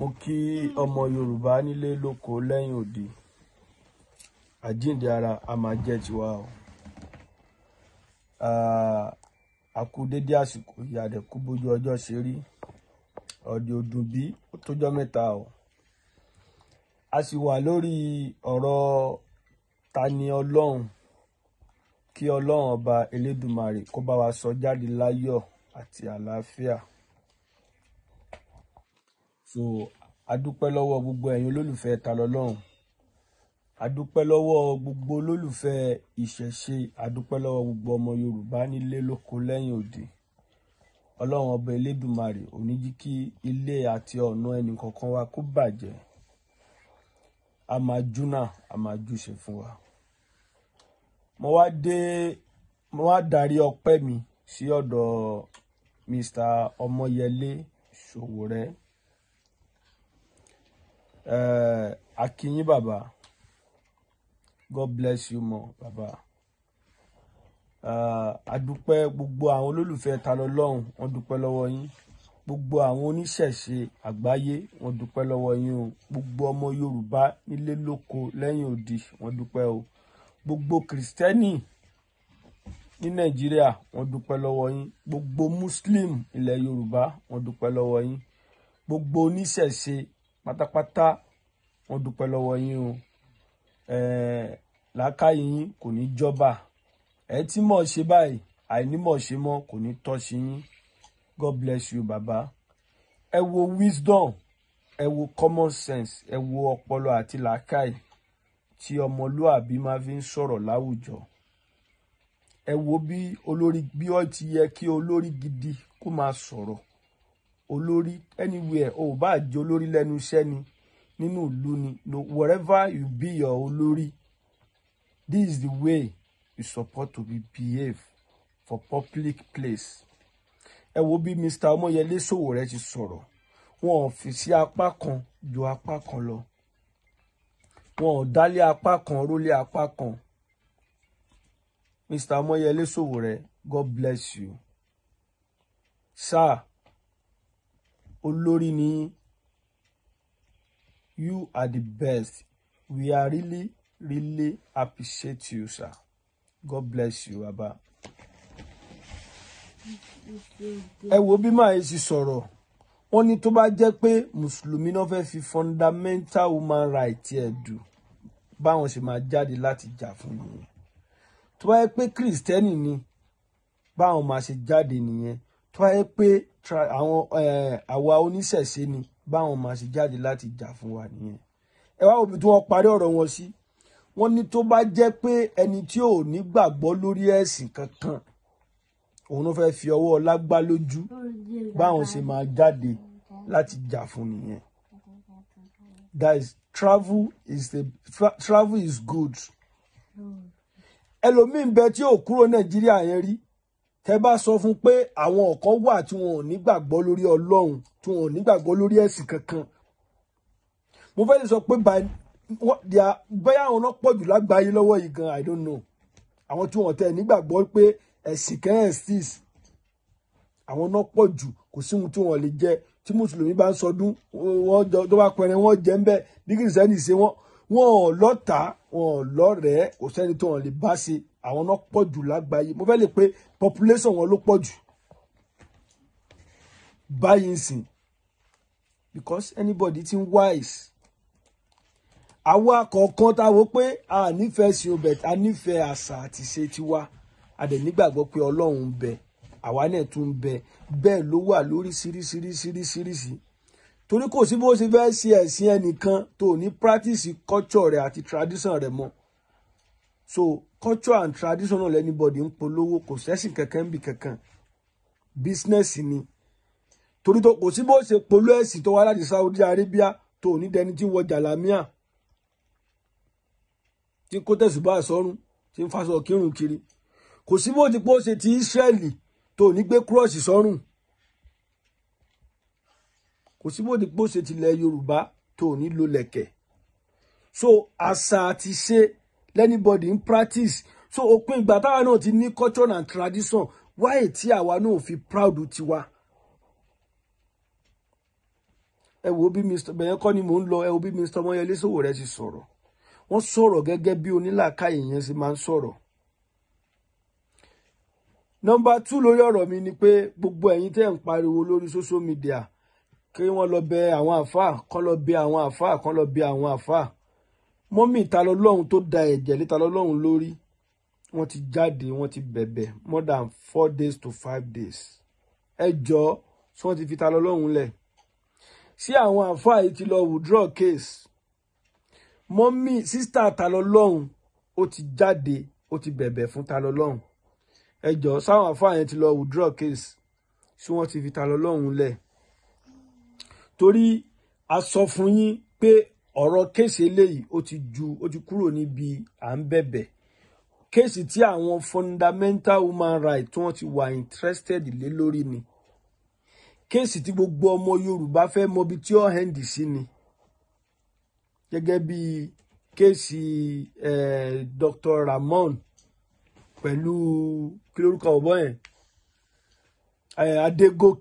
mo kí ọmọ yorùbá nílé lóko lẹ́yìn òde àjíǹde ara a máa jẹ́ tiwa o àkú dédé àsìkò ìyàdẹ̀kú bójú ọjọ́ ṣe rí ọ̀dẹ̀ ọdún bí ó tójọ́ mẹ́ta o a sì wà lórí ọ̀rọ̀ ta ni kí ọlọ́run ọba elédùmarè kó bá wa sọ jáde láyọ̀ àti àlàáfíà so adúpẹ́ lọ́wọ́ gbogbo ẹ̀yin olólùfẹ́ ta lọ́lọ́run adúpẹ́ lọ́wọ́ gbogbo olólùfẹ́ ìṣẹ̀ṣe adúpẹ́ lọ́wọ́ gbogbo ọmọ Yorùbá nílé lóko lẹ́yìn òde ọlọ́run ọba elédùnmarè oníjí kí ilé àti ọ̀nà ẹnì kọ̀ọ̀kan wa kó bàjẹ́ a máa júnà a máa júṣe fún wa mo wá dé mo wá darí ọpẹ́ mi sí ọ̀dọ̀ Mr Ọmọyẹlé Sowore. Eh, Akinyi Baba. God bless you more, Baba. Uh, eh, adúpẹ́ gbogbo àwọn olólùfẹ́ ta lọ́lọ́run wọ́n dúpẹ́ lọ́wọ́ yín gbogbo àwọn oníṣẹ̀ṣe àgbáyé wọ́n dúpẹ́ lọ́wọ́ yín o gbogbo ọmọ Yorùbá nílé lóko lẹ́yìn odi wọ́n dúpẹ́ o gbogbo Kristẹni ní Nàìjíríà wọ́n dúpẹ́ lọ́wọ́ yín gbogbo Muslim ilẹ̀ Yorùbá wọ́n dúpẹ́ lọ́wọ́ yín gbogbo oníṣẹ̀ṣe pátápátá wọ́n dúpẹ́ lọ́wọ́ yín o eh, làákàyè yín kò ní jọba ẹ tí mọ̀ ṣe báyìí àìnímọ̀ ṣe mọ́ kò ní tọ́ sí yín God bless you baba. ẹ wo wisdom ẹ wo common sense ẹ wo ọpọlọ àti làákàyè tí ọmọlúàbí máa fi ń sọ̀rọ̀ láwùjọ ẹ wo bí olórí bí ó ti yẹ kí olórí gidi kó máa sọ̀rọ̀ olórí anywhere o ò bá jẹ olórí lẹ́nu iṣẹ́ ni nínú ìlú ni no wherever you be your olórí this is the way you support to be behave for public place ẹ wo bí Mr. Ọmọyẹlé Sowore ti sọ̀rọ̀ wọn ò fi sí apá kan ju apá kan lọ wọn ò dálé apá kan rólé apá kan Mr. Ọmọyẹlé Sowore God bless you sir olórí ni you are the best we are really really appreciate you sir god bless you baba. ẹ wo bí màá ṣe sọ̀rọ̀ wọ́n ní tó bá jẹ́ pé mùsùlùmí náà fẹ́ẹ́ fi fundamental human right ẹ̀ dùn báwọn ṣe máa jáde láti jà fún nìyẹn tó bá yẹ pé kìrìsìtẹ́nì ni báwọn máa ṣe jáde nìyẹn tó wáyé pé àwọn àwa oníṣẹ̀ṣe ni báwọn máa ṣe jáde láti jà fún wa nìyẹn ẹ wá òbí tí wọ́n parí ọ̀rọ̀ wọn sí wọ́n ní tó bá jẹ́ pé ẹni tí ò ní gbàgbọ́ lórí ẹ̀sìn kankan òun ló fẹ́ẹ́ fi ọwọ́ lágbá lójú báwọn ṣe máa jáde láti jà fún nìyẹn that is travel is the tra travel is good ẹlòmíín bẹ tí ò kúrò Nàìjíríà yẹn rí tẹ bá sọ fún pé àwọn ọ̀kan wà tí wọn ò nígbàgbọ́ lórí ọlọ́run tí wọn ò nígbàgbọ́ lórí ẹ̀sìn kankan mo fẹ́ lè sọ pé báyà àwọn náà pọ̀jù lágbàáyé lọ́wọ́ yìí gan i don't know àwọn tí wọn tẹ nígbàgbọ́ pé ẹ̀sìn kan exist àwọn náà pọ̀jù kò sí ohun tí wọn lè jẹ tí mùsùlùmí bá ń sọdún wọn tó bá pẹrẹ wọn jẹ ń bẹ bí kìrìsìtẹ́nì ṣe wọn wọn ò lọ́tàá wọn ò lọ́rẹ̀ẹ́ kò sẹ́ni tó wọn lè bá ṣe àwọn náà pọ̀ jù lágbàáyé mo fẹ́ lè pé population wọn ló pọ̀ jù báyìí ń because anybody ti ń wise àwa kọ̀ọ̀kan tá a wò pé a nífẹ̀ẹ́ sí obẹ̀ a nífẹ̀ẹ́ àṣà àti ṣe tiwa a dẹ̀ nígbàgbọ́ pé ọlọ́run ń bẹ àwa náà tún ń bẹ bẹ́ẹ̀ ló wà lórí ṣíríṣíríṣíríṣíríṣí torí kò sí bó ṣe fẹ́ ṣe ẹ̀sìn ẹnìkan tó ní practice culture rẹ̀ àti tradition rẹ̀ mọ́ so culture and traditional anybody ń polówó kò sẹ́sìn kankan bí kankan business ni torí tó kò sí bó ṣe polówó ẹ̀sìn tó wá láti Saudi Arabia tó ní dẹni tí ń wọ jàlámíà tí kò tẹ̀sùbá sọ́run tí ń faṣọ kírun kiri kò sí bó ti pọ́ ṣe ti Israeli tó ní gbé cross sọ́run kò sí bó ti pọ́ ṣe tilẹ̀ Yorùbá tó ní lo lẹ̀kẹ̀ so àṣà àti ṣe lẹ́nibọ̀dì ń practice so òpin ìgbà táwa náà ti ni culture and tradition wáyé tí àwa náà fi proud tiwa ẹ wo bí mr bẹ̀yẹn kọ́ ni mò ń lọ ẹ wo bí mr ọmọyẹlé Sowore ti sọ̀rọ̀ wọ́n sọ̀rọ̀ gẹ́gẹ́ bí onílàáká èèyàn ṣe máa ń sọ̀rọ̀ nọmba tú lórí ọ̀rọ̀ mi ni pe gbogbo ẹ̀yin tẹ́ ń pariwo lórí social media kí wọ́n lọ bẹ àwọn àfáà kán lọ bẹ àwọn àfáà kán lọ bẹ àwọn àfáà mọ́mì ìtalọ́lọ́hún tó da ẹ̀jẹ̀ lé talọ́lọ́hún lórí wọ́n ti jáde wọ́n ti bẹ̀bẹ̀ more than four days to five days ẹ jọ tí wọ́n ti fi talọ́lọ́hún lẹ̀ sí àwọn àǹfààní ti lọ withdraw case mọ́mì sísítà talọ́lọ́hún ó ti jáde ó ti bẹ̀bẹ̀ fún talọ́lọ́hún ẹ jọ sáwọn àǹfààní ti lọ withdraw case tí wọ́n ti fi talọ́lọ́hún lẹ̀ torí a sọ fún yín pé ọ̀rọ̀ kéèsì eléyìí ó ti ju ó ti kúrò níbi à ń bẹ̀bẹ̀ kéèsì tí àwọn fundamental human right tí wọ́n ti wà interested lé lórí ni kéèsì tí gbogbo ọmọ Yorùbá fẹ́ mọbi tí ó hẹ́ndì sí ni gẹ́gẹ́ bí kéèsì eh, Dr. Ramon pẹ̀lú kí lórúkọ ọ̀bọ yẹn Adégòkè.